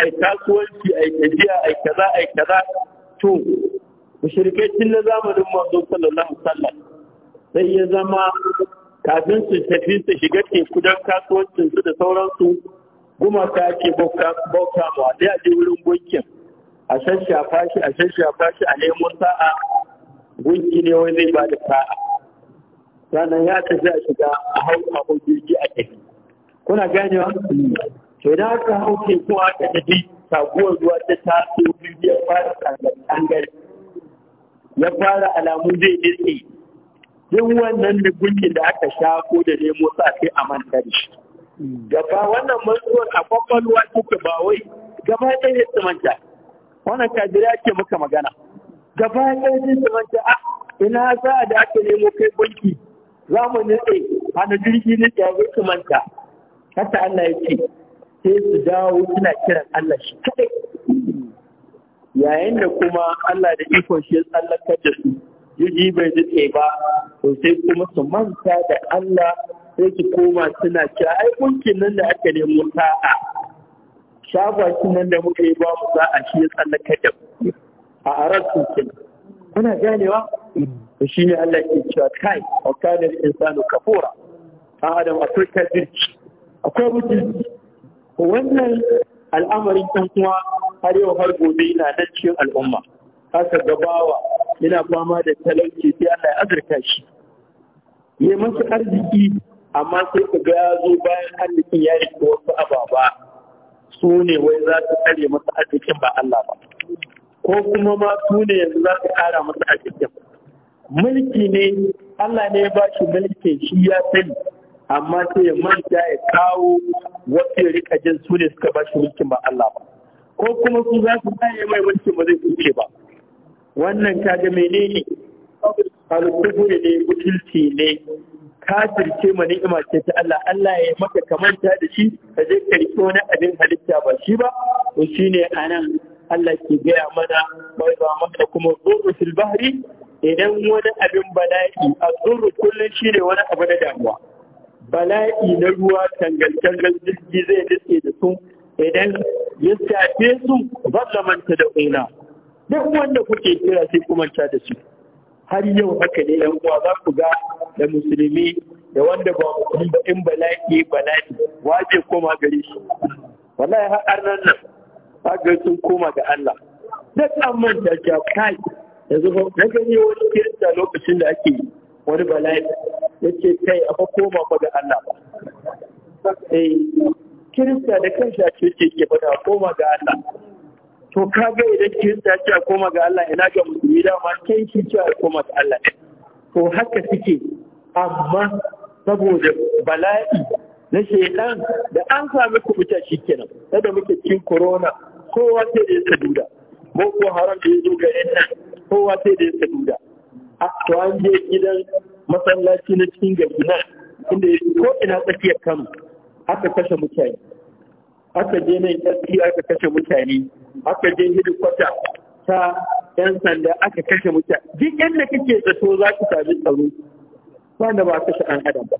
ai kasuwanci ai tafiya ai kaza ai kaza to mushrikai tun na zamanin manzo sallallahu alaihi sai ya zama kafin su tafi su shiga teku don kasuwancinsu da sauransu gumaka ake bauta ma sai a je wurin gunkin a shashafa shi a shashafa shi a nemo sa'a gunki ne wani zai ba da sa'a sannan ya tafi a shiga a hau abin jirgi a tafi kuna ganewa to idan aka hau teku aka tafi saguwar zuwa ta taso jirgi ya fara tsangar ya fara alamun zai nitsi yin wannan da gunkin da aka sha ko da nemo sa sai a manta da shi gaba wannan matsuwar a kwakwalwa kuka ba wai gaba ɗaya ya manta wannan ya ke muka magana gaba ɗaya sun su manta a ah, ina a da aka nemo kai banki za mu nutse hana jirgi nutse ya zai su manta haka Allah ya ce sai su dawo suna kiran Allah shi kaɗai yayin da kuma Allah da ikon shi ya tsallakar da su jirgi bai dutse ba to sai kuma su manta da Allah sai su koma suna kira. ai bankin nan da aka nemo sa'a shagwakin nan da muka yi ba mu a shi ya tsallakar da mu a arabcin kin kuna ganewa shi ne Allah ke cewa kai wa kana insanu kafura ta adam akwai kafirci akwai mutunci wannan al'amarin ɗan kuma har yau har gobe yana nan cikin al'umma haka gabawa yana fama da talauci sai Allah ya azurta shi ya masu arziki amma sai ka ga zo bayan arzikin ya rike wasu ababa su ne wai za su tsare masa arzikin ba Allah ba ko kuma ma su ne yanzu za su kara masa a cikin mulki ne Allah ne ya ba shi mulkin shi ya sani amma sai ya manta ya kawo wasu ya rika jin su ne suka ba shi mulkin ba Allah ba ko kuma su za su tsaye mai mulkin ba zai suke ba wannan kaga menene alkufu ne mutulci ne kafirce ma ni'ima ce ta Allah Allah ya maka kamanta da shi ka je ka wani abin halitta ba shi ba to shine anan Allah ke gaya mana bai ba maka kuma zurru fil bahri idan wani abin bala'i a zurru kullum shine wani abu na damuwa bala'i na ruwa tangal-tangal zai dace da su idan ya shafe su manta da ƙuna duk wanda kuke kira sai kuma ta da su har yau haka ne yan uwa za ku ga da musulmi da wanda ba musulmi ba in bala'i bala'i waje koma gare shi wallahi har nan haka sun koma ga Allah da tsamman da ke kai da zuwa na gani wani kirista lokacin da ake wani bala'i ya ce kai a fa koma ba da Allah ba eh kirista da kanshi a ce ke fada koma ga Allah to ka ga idan kirista ya ce a koma ga Allah ina ga musulmi dama kai shi ce a koma ga Allah to haka suke amma saboda bala'i na shaidan da an sami kubuta shi kenan, da muke cin corona kowa sai da ya saduda boko haram da ya zo kowa sai da ya saduda a to an je gidan masallaci na cikin gari inda ya ko ina tsakiyar kan aka kashe mutane aka je nan tsaki aka kashe mutane aka je kwata ta yan sanda aka kashe mutane duk yadda kake zato za ki sami tsaro wanda ba kashe an adam ba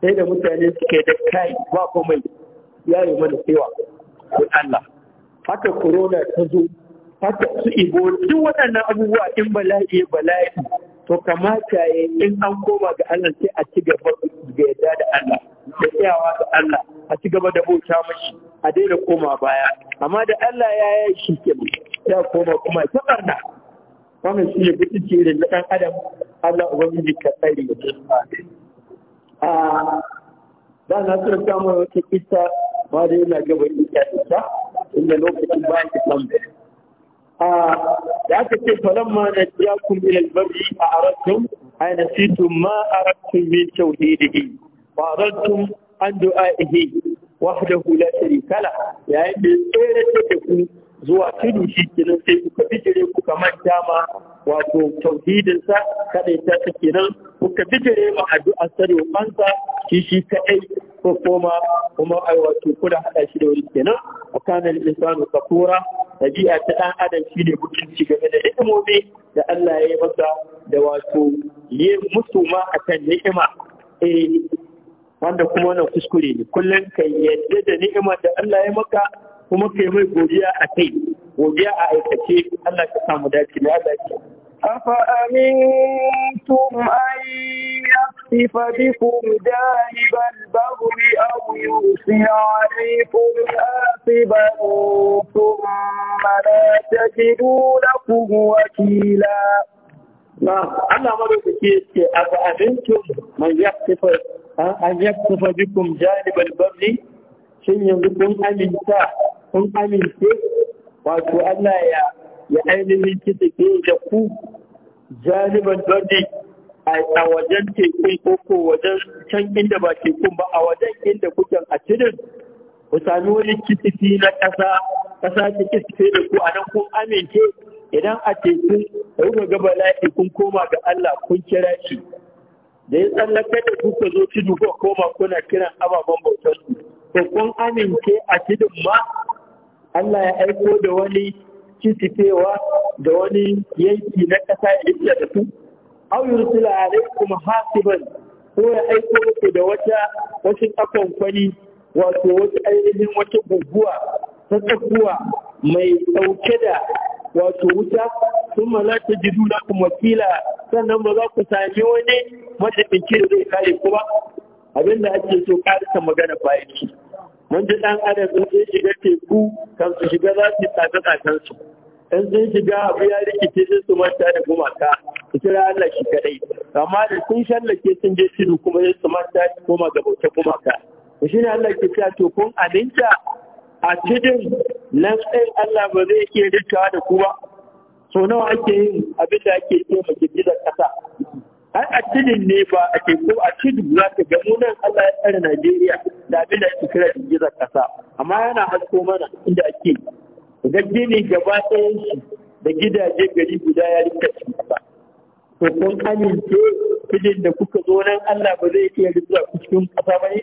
sai da mutane suke da kai ba komai ya yi mana cewa Allah haka corona ta zo haka su ibo duk waɗannan abubuwa in bala'i bala'i to kamata ya in an koma ga Allah sai a ci gaba da yadda da Allah da tsayawa da Allah a ci gaba da bauta mashi a daina koma baya amma da Allah ya yi shi ke ya koma kuma ta barna wannan shi ne bitin ce da ɗan adam Allah ubangiji ka tsare a da na tsira samun wata kisa ma da yana gaba ita ita inda lokacin ba su san da aka ce falon ma na biya kun ilal a arattun a yana situn ma arattun min tauhidihi wa arattun an du'a ihi wahdahu la sharika kala yayin da ya tsere da ku zuwa tudu shi kenan sai kuka bijire kuka manta ma wato tauhidinsa kaɗai ta ta kenan kuka bijire ma addu'a sa da shi shi kaɗai ko koma kuma ai wato kuna haɗa shi da wani kenan wa al-insanu kafura dabi'a ta ɗan adam shi ne mutunci game da ni'imomi da Allah ya yi masa da wato yi musu ma akan ni'ima eh wanda kuma wannan kuskure ne kullum kai yadda da ni'imar da Allah ya maka kuma kai mai godiya a kai godiya a aikace Allah ka samu dace ne Allah ya afa amintum ay yaqtifa bikum jahibal baghwi aw yusya alaykum asiba thumma la tajidu lakum wakila na Allah ma ba ke ce afa amintum man yaqtifa an yaqtifa bikum jahibal baghwi shin yanzu kun aminta kun amince wato Allah ya ya ainihin ke da ku jaliban dodi a wajen teku ko ko wajen can inda ba tekun ba a wajen inda kuke a cikin ku sami wani kitifi na ƙasa ƙasa kiti kitife da ku a nan kun amince idan a a kuka ga bala'i kun koma ga Allah kun kira shi da ya tsallaka da ka zo tudu ko koma kuna kiran ababen bautar ku ko kun amince a cikin ma Allah ya aiko da wani cikitewa da wani yanki na ƙasa ya iya da su au kuma alaikum hasiban ko ya aiko ku da wata wasu tsakon kwani wato wasu ainihin wata guguwa ta tsakuwa mai ɗauke da wato wuta sun ma za ta ji duna kuma wakila sannan ba za ku sami wani madadin da zai kare kuma ba abinda ake so karisa magana bayan shi mun ji dan adam in sun shiga teku kan su shiga za su tafi tsakan su in sun shiga abu ya rikice sai su manta da gumaka su kira Allah shi kadai amma da sun shallake sun je tudu kuma sai su manta su koma ga bauta gumaka shi ne Allah ke cewa to kun alinta a cikin nan tsayin Allah ba zai iya rikawa da kuma so nawa ake yin abin da ake yi ma girgizar kasa ai a cikin ne a a ko a cikin za ka ga nan Allah ya tsare Najeriya da abin da ake kira girgizar ƙasa amma yana hasko mana inda ake ga gini gaba ɗayan shi da gidaje gari guda ya rika cikin ƙasa to kun amince filin da kuka zo nan Allah ba zai iya rika cikin ƙasa ba ne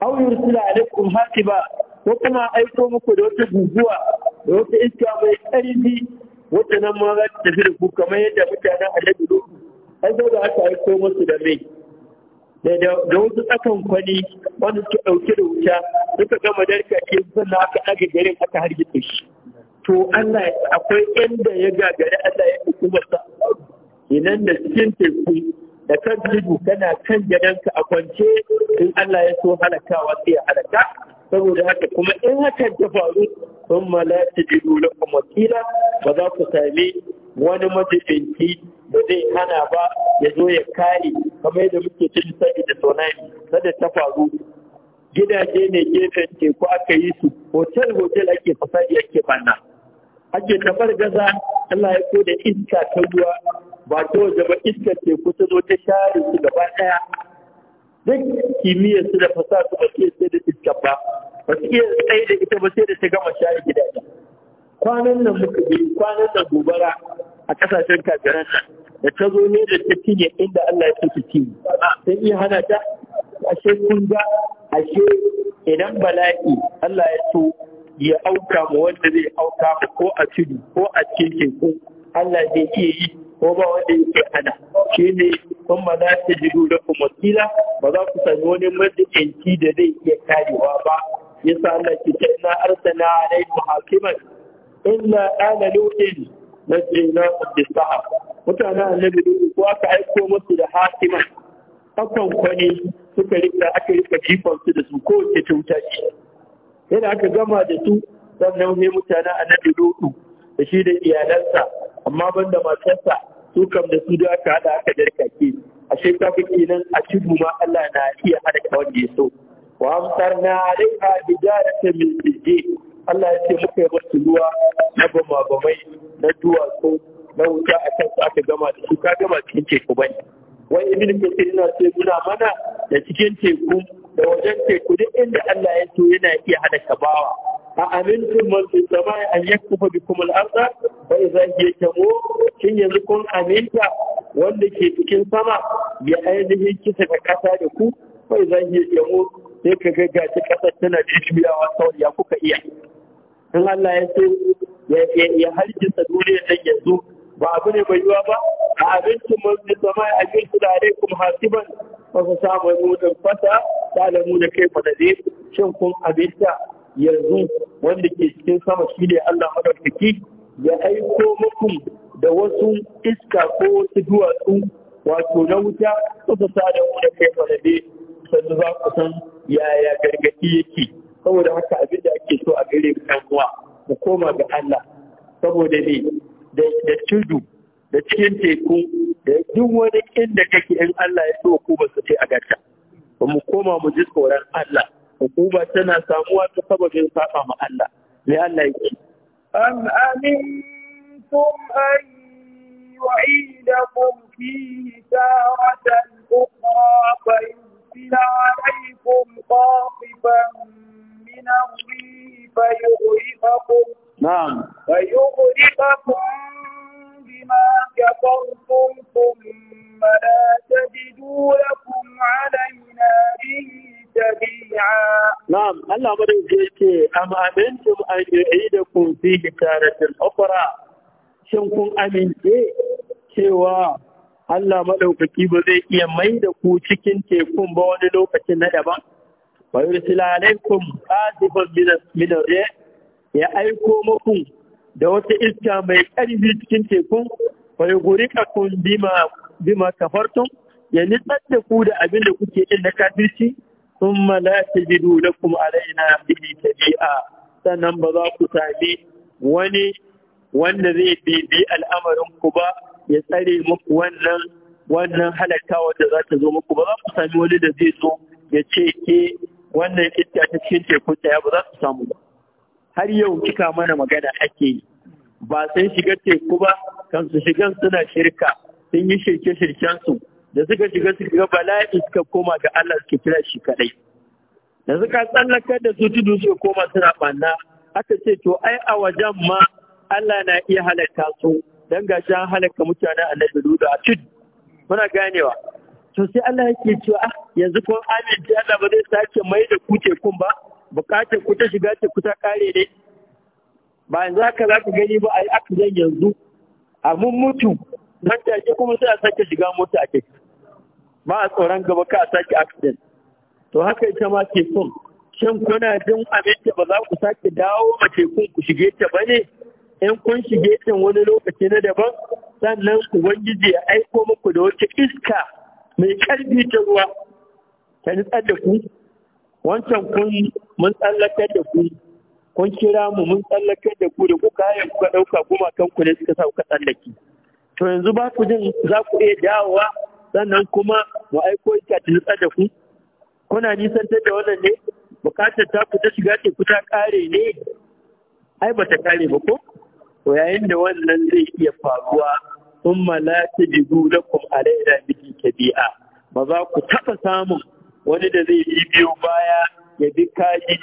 aw yursila alaikum hasiba ko kuma aiko muku da wata guguwa da wata iska mai ƙarfi wata nan ma za ta tafi da ku kamar yadda mutanen Annabi Lutu aiko da aka aiko musu da mai da wasu tsakan kwani wanda suke ɗauke da wuta suka gama darka ke sannan aka ɗaga garin aka hargitse shi to Allah akwai inda ya gagari Allah ya hukumarsa inan da cikin teku da kan tudu kana kan gadonka a kwance in Allah ya so halakawa sai ya halaka saboda haka kuma in hakan ta faru ta malati la kuma kila ba za ku sami wani majibinci da zai hana ba ya zo ya kare kamar yadda muke cin sani da tsunami sada ta faru gidaje ne gefen teku aka yi su hotel hotel ake fasadi ake banna ake tabar gaza Allah ya ko da iska ta ruwa ba ta waje ba iskar teku ta zo ta share su gaba daya duk kimiyyar su da ba su iya sai da iska ba ba su iya tsaye da ita ba sai da ta gama share gidaje kwanan nan muka bi kwanan nan gobara a kasashen kafiran da ta zo ne da ta cinye inda Allah ya ta cinye sai iya hana ta ashe kun ga ashe idan bala'i Allah ya so ya auka mu wanda zai auka mu ko a tudu ko a cikin teku Allah zai iya yi ko ba wanda yake hana shi ne kun ba za ta ji da ku kila ba za ku sami wani mazikinci da zai iya karewa ba yasa Allah ke ce ina arsala alaikum hakiman illa ala lutin na tsina saha, mutanen annabi duk ko aka aiko musu da hakima hakan kwani suka rika aka rika jifan su da su ko ce tuta yana aka gama da su sannan ne mutanen annabi duk da shi da iyalansa amma banda matarsa su kam da su da aka hada aka darkake ashe shekara kake nan a cikin ma Allah na iya hada wanda ya so wa amsarna alaiha bijaratan min sijjid Allah ya ce muka yi masu ruwa na bamabamai na duwatsu na wuta a kan aka gama da su ka gama cikin teku ba ne. Wani da kai yana ce muna mana da cikin teku da wajen teku duk inda Allah ya so yana iya hada kabawa. A amintun masu zama a yi yakkufa bi kuma al'arza ba zai ya tamo shin yanzu kun aminta wanda ke cikin sama ya ainihin kisa da kasa da ku ba zan ya tamo sai ka ga gashi kasar tana juyawa kawai ya kuka iya in Allah ya ce ya harkisa duniya nan yanzu ba abu ne mai yiwa ba a abincin mafi zama a su da alaikum hasiban ba su samu mutum fata ta alamu da kai madade shin kun abinta yanzu wanda ke cikin sama shi ne Allah madaukaki ya aiko muku da wasu iska ko wasu duwatsu wato na wuta ba da mu da kai madade sannu za ku san yaya gargadi yake saboda haka abin da ake so a gare mu uwa mu koma ga Allah saboda ne da tudu da cikin teku da duk wani inda kake in Allah ya so ku ba su ce a gata ba mu koma mu ji tsoron Allah hukuma tana samuwa ta sababin saba ma Allah me Allah yake am amintum an wa'idakum fi sa'atan ukhra Allah bari ya ce am amintum da kun fi taratil ukhra shin kun amince cewa Allah maɗaukaki ba zai iya mai da ku cikin tekun ba wani lokacin na daban. Wa yursila alaikum qasifan min ya aiko muku da wata iska mai ƙarfi cikin tekun guri yughrikakum bima bima kafartum ya nitsar da ku da abin da kuke ɗin na kafirci ثم لا تجدوا لكم علينا به تبيئا sannan ba za ku sami wani wanda zai bibi al'amarin ku ba ya tsare muku wannan wannan halatta wanda za ta zo muku ba za ku sami wani da zai zo ya ce ke wannan iska ta cikin teku tsaya ba za ku samu ba har yau kika mana magana ake yi ba sun shiga teku ba kan su shigan suna shirka sun yi shirke-shirkensu da suka shiga suka ga bala'i suka koma ga Allah suke kira shi kadai da suka tsallakar da su tudu su koma suna banna aka ce to ai a wajen ma Allah na iya halaka su dan gashi an halaka mutanen annabi da a tudu muna ganewa to sai Allah yake cewa ah yanzu kun da Allah ba zai sake mai da kuce kun ba bukatar ku ta shiga ku ta kare ne ba yanzu haka za ku gani ba a yi yanzu a mun mutu nan take kuma sai a sake shiga mota a teku ba a tsoron gaba ka a sake accident to haka ita ma tekun shin kuna jin abinci ba za ku sake dawo ma tekun ku shige ta ba ne in kun shige ta wani lokaci na daban sannan ubangiji ya aiko muku da wata iska mai karfi ta ruwa ta nutsar da ku wancan kun mun tsallakar da ku kun kira mu mun tsallakar da ku da kuka haye kuka ɗauka gumakan ku ne suka sa kuka tsallake to yanzu ba ku jin za ku iya dawowa sannan kuma mu aiko ita ta nutsa da ku kuna nisantar da wannan ne bukatar ta ku ta shiga teku ta kare ne ai ba ta kare ba ko to yayin da wannan zai iya faruwa sun malata bi lakum alaina ta kabi'a ba za ku taɓa samun wani da zai yi biyo baya ya bi kaji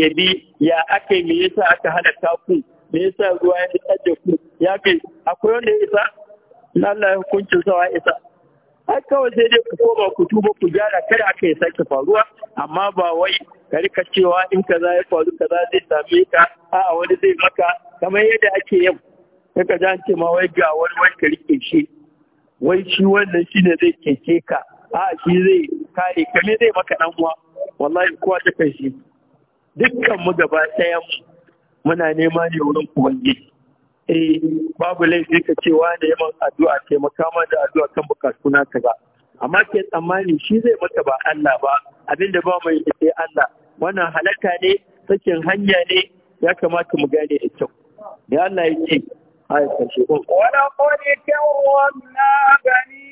ya bi ya aka me yasa aka hana taku me yasa ruwa ya fitar da ku ya fi akwai wanda ya isa Allah ya hukuncin sawa isa har kawai sai dai ku koma ku tuba ku gyara kada aka yi sake faruwa amma ba wai ka rika cewa in za ya faru za zai same ka a wani zai maka kamar yadda ake yau sai ka ce ma wai ga wani wani ka rike shi wai shi wannan shi ne zai keke ka a'a shi zai kare ka me zai maka dan uwa wallahi kowa ta kai shi dukkan mu gaba ɗayan mu muna nema ne wurin ubangiji eh babu laifi ka cewa da yaman addu'a taimaka makama da addu'a kan bukatu na ba amma ke tsammani shi zai maka ba Allah ba abin da ba mai sai Allah wannan halaka ne sakin hanya ne ya kamata mu gane da kyau da Allah ya ce ayat karshe ko wala qad kawamna bani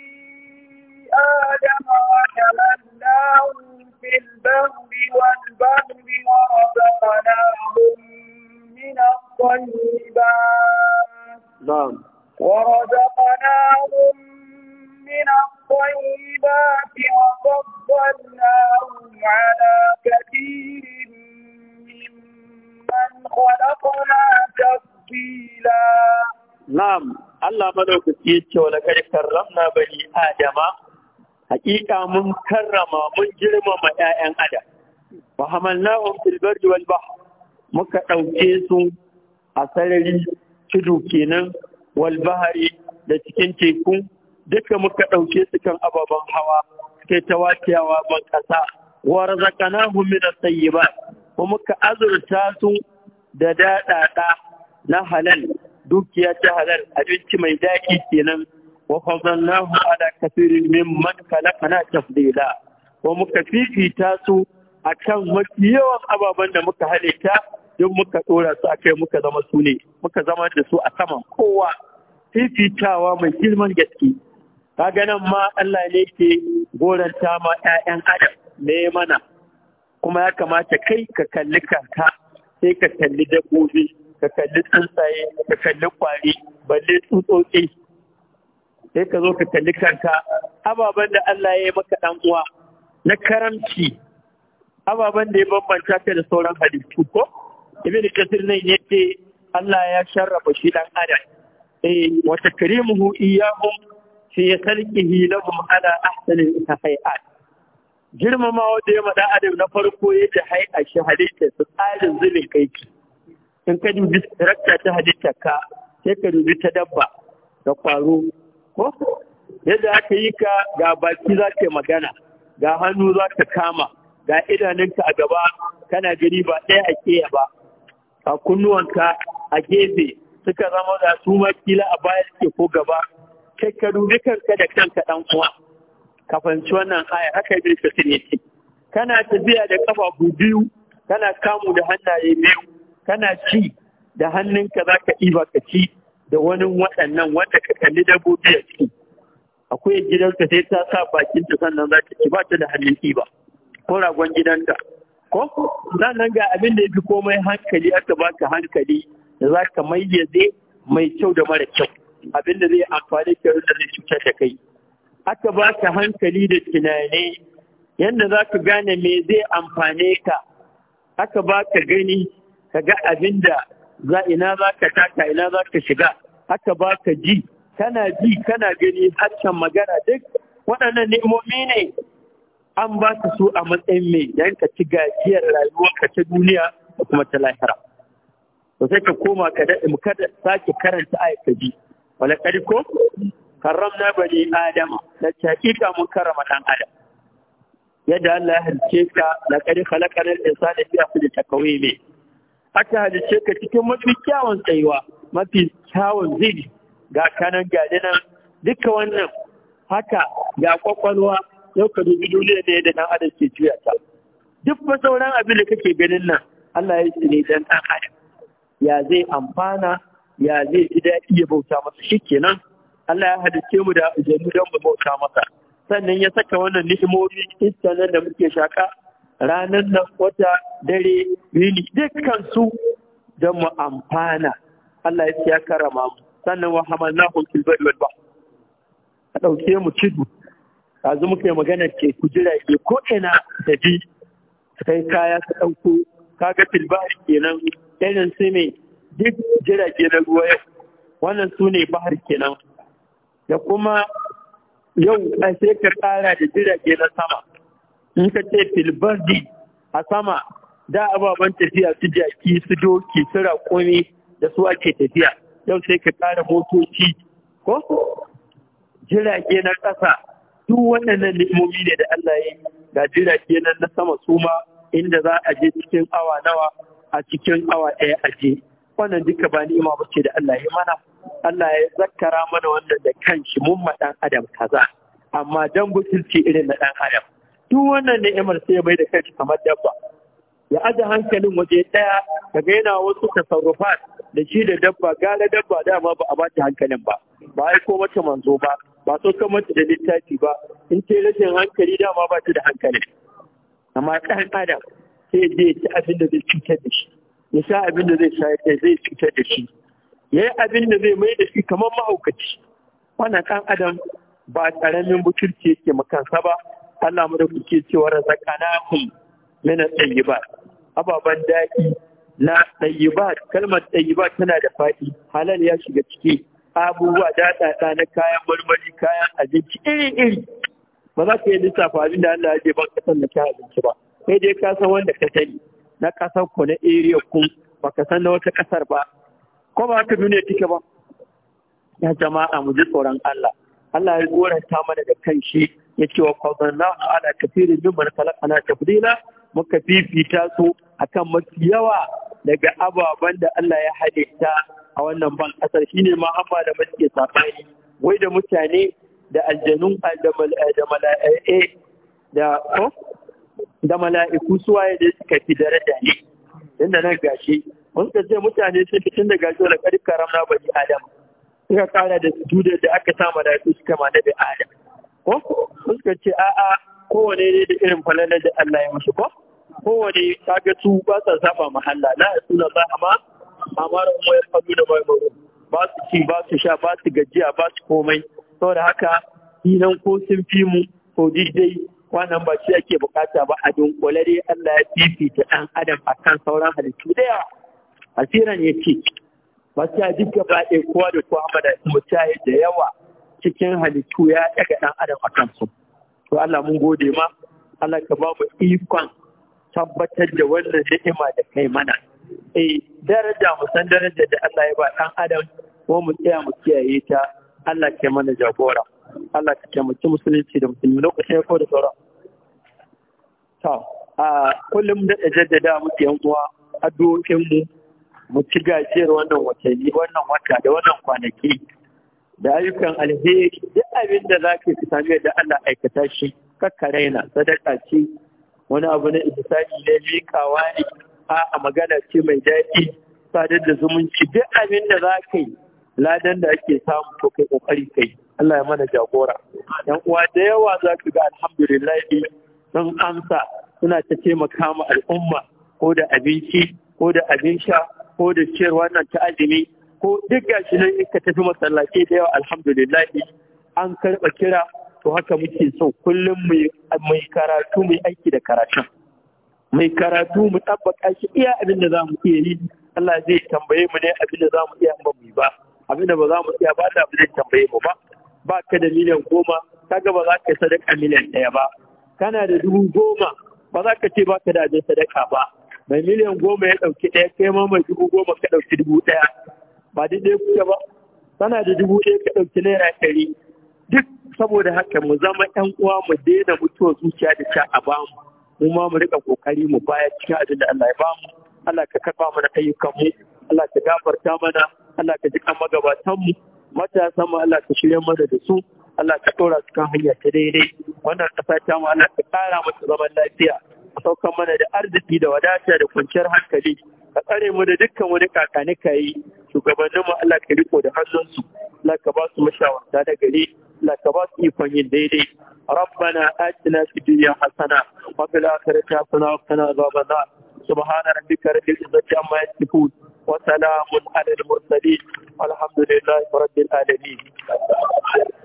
آدم وحملناهم في البر والبر min al الطيبات نعم ورزقناهم من الطيبات وفضلناهم على كثير ممن خلقنا تفضيلا نعم الله ملوك يتشو ولقد كرمنا بني آدم حقيقة من كرم من جرم ما آدم وحملناهم في البر والبحر muka ɗauke su a sarari tudu kenan wal bahari da cikin teku duka muka ɗauke su kan ababen hawa kai ta wakiyawa ban ƙasa wa razaqnahum min at-tayyibat kuma muka azurta su da dadada na halal dukiya ta halal abinci mai daɗi kenan wa fadalnahu ala kathirin mimman khalaqna tafdila wa muka fifita su akan mafi yawan ababen da muka halitta duk muka ɗora su a kai muka zama su ne muka zama da su a saman kowa fifitawa mai girman gaske ka ganin ma Allah ne ke goranta ma 'ya'yan adam ne mana kuma ya kamata kai ka kalli kanka sai ka kalli dabbobi ka kalli tsuntsaye ka kalli kwari balle tsutsotsi sai ka zo ka kalli kanka ababen da Allah ya yi maka ɗan'uwa uwa na karamci ababen da ya bambanta ka da sauran halittu ko ibn kasir nan yace Allah ya sharrafa shi dan adam eh wa takrimuhu iyyahum fi khalqihi lahum ala ahsani hay'at girmamawa da ya mada adam na farko ya hai a shi su tsarin zubin kai in ka dubi tarakta ta halitta ka sai ka dubi ta dabba da kwaro ko yadda aka yi ka ga baki za ka magana ga hannu za ka kama ga idanunka a gaba kana gani ba ɗaya a keya ba a kunnuwanka a gefe suka zama da su makila a baya ke ko gaba kai ka dubi kanka da kanka dan uwa ka fahimci wannan aya haka ibn kasir shi. kana tafiya da kafafu biyu kana kamu da hannaye biyu kana ci da hannunka za ka iba ka ci da wani waɗannan wanda ka kalli dabbobi a ciki akwai gidanka sai ta sa bakinta sannan za ta ci ba ta da hannun iba ko ragon gidanta ko nan ga abin da yafi komai hankali aka baka hankali da za ka mayyaze mai kyau da mara kyau abin da zai amfani ka da zai cutar da kai aka baka hankali da tunani yadda za ka gane me zai amfane ka aka baka gani ka ga abin da za ina za ka taka ina za ka shiga aka baka ji kana ji kana gani harshen magana duk waɗannan ne'imomi ne an ba su su a matsayin mai da ka ci gajiyar ka ta duniya da kuma ta lahira to sai ka koma ka da kada sake karanta ka ji wala ƙari ko na bani adam na hakika mun karama ɗan adam yadda Allah ya halice ka la kadi da al su fi afdali takwimi aka halice ka cikin mafi kyawun tsayuwa mafi kyawun zidi ga kanan gadinan duka wannan haka ga kwakwalwa yau ka dubi duniya ne da nan adam ke juya ta duk ba abin da kake ganin nan Allah ya yi ne dan ɗan adam ya zai amfana ya zai ji daɗi ya bauta masa nan? Allah ya halice mu da aljannu don mu bauta masa sannan ya saka wannan ni'imomi istanan da muke shaka ranar nan wata dare yini dukkan su don mu amfana Allah ya siya karama mu sannan wa hamalnahum na barri wal ba. a ɗauke mu tudu yanzu muka yi magana ke ku jirage ko ina da bi sai kaya ka ɗauko kaga filbari kenan irin su ne duk ke na ruwa wannan su ne bahar kenan da kuma yau a sai ka ƙara da ke na sama in ka ce filbari a sama da ababen tafiya su jaki su doki su raƙumi da su ake tafiya yau sai ka ƙara motoci ko jirage na ƙasa duk wannan ni'imomi ne da Allah ya yi ga jirage nan na sama suma inda za a je cikin awa nawa a cikin awa ɗaya a je wannan duka ba ni'ima ba ce da Allah ya mana Allah ya zakkara mana wannan da kanshi mun ma ɗan adam kaza amma dan butulci irin na ɗan adam duk wannan ni'imar sai bai da kanshi kamar dabba ya aje hankalin waje ɗaya ka yana wasu tasarrufat da shi da dabba gane dabba dama ba a ba ta hankalin ba ba ai ko wata manzo ba ba saukar mata da littafi ba in ce rashin hankali dama ba ta da hankali amma ɗan adam sai zai ci abin da zai cutar da shi ya sha abin da zai shayar da zai cutar da shi ya yi abin da zai mai da shi kamar mahaukaci wannan ɗan adam ba ƙaramin butulci yake makansa ba Allah mu da kuke cewa razaqanahum min at-tayyibat ababan daɗi na tayyibat kalmar tayyibat tana da faɗi halal ya shiga ciki abubuwa daɗaɗa na kayan marmari kayan abinci iri-iri ba za ka yi lissafa abin da Allah ya ban kasan na kayan abinci ba sai dai ka san wanda ka sani na kasan ku na area ku ba ka san na wata kasar ba ko ba haka duniya take ba ya jama'a mu ji tsoron Allah Allah ya goranta mana da kan shi ya ce wa kwazanna ala kafirin min man tafdila muka fifita su akan mafi yawa daga ababen da Allah ya halitta a wannan ban kasar shine ma amma da muke sabani wai da mutane da aljanun da mala'ike eh, da eh, da mala'iku waye da suka fi daraja ne inda nan gashi mun ka ce mutane fi fitin da gashi da kadi karamna bani adam suka kara da sujudar da aka sa mala'iku suka ma nabi adam ko suka ce a'a kowane ne da irin falalar da Allah ya musu ko kowane kaga su ba sa saba mahalla la sunan Allah amma amara mu ya fadu da bai ba su ci ba su sha ba su gajiya ba su komai saboda haka inan ko sun fi mu ko dai wannan ba shi ake bukata ba a don kwalare Allah ya fifita ɗan adam akan sauran halittu daya. asiran ya ce ba sai duka ba ɗaya kowa da kowa ba da mutane da yawa cikin halittu ya ɗaga ɗan adam akan su to Allah mun gode ma Allah ka ba mu ikon tabbatar da wannan ni'ima da kai mana eh daraja mu san daraja da Allah ya ba dan adam ko mu tsaya mu kiyaye ta Allah ke mana jagora Allah ke mutum musulunci da musulmi lokacin ko da sauran to a kullum da jaddada muke yan uwa addu'o'in mu mu ci gajiyar wannan watanni wannan wata da wannan kwanaki da ayyukan alheri duk abin da za ka yi sami da Allah aikata shi kakka raina sadaka ce wani abu na ibisani ne mikawa ne a magana ce mai daɗi sadar da zumunci duk abin da za ka yi ladan da ake samu to kai kokari kai Allah ya mana jagora yan uwa da yawa za ka ga alhamdulillahi sun amsa suna ta taimaka ma al'umma ko da abinci ko da abin sha ko da ciyarwa wannan ta azumi ko duk gashi nan ka tafi masallaci da yawa alhamdulillah an karɓa kira to haka muke so kullum mai karatu mai aiki da karatun mai karatu mu tabbata shi iya abin da za mu iya yi Allah zai tambaye mu ne abin da za mu iya ba mu ba abin da ba za mu iya ba da zai tambaye mu ba ba ka da miliyan goma kaga ba za ka sadaka miliyan ɗaya ba kana da dubu goma ba za ka ce ba ka da abin sadaka ba mai miliyan goma ya ɗauki ɗaya kai ma mai dubu goma ka ɗauki dubu ɗaya ba daidai kuka ba kana da dubu ɗaya ka ɗauki naira ɗari duk saboda haka mu zama yan uwa mu daina mutuwa zuciya da ta a ba mu ma mu rika kokari mu baya cikin abin da Allah ya bamu Allah ka karba mana ayyukan mu Allah ka gafarta mana Allah ka jikan magabatan mu matasa mu Allah ka shirya mana da su Allah ka ɗora su kan hanya ta daidai wannan ƙasa ta mu Allah ka ƙara mata zaman lafiya ka sauka mana da arziki da wadata da kwanciyar hankali ka tsare mu da dukkan wani kakani ka yi shugabannin mu Allah ka riko da hannunsu Allah ka ba su mashawarta da gari Allah ka ba su ikon yin daidai ربنا آتنا في الدنيا حسنة وفي الآخرة حسنة وقنا عذاب النار سبحان ربك رب العزة عما يصفون وسلام على المرسلين والحمد لله رب العالمين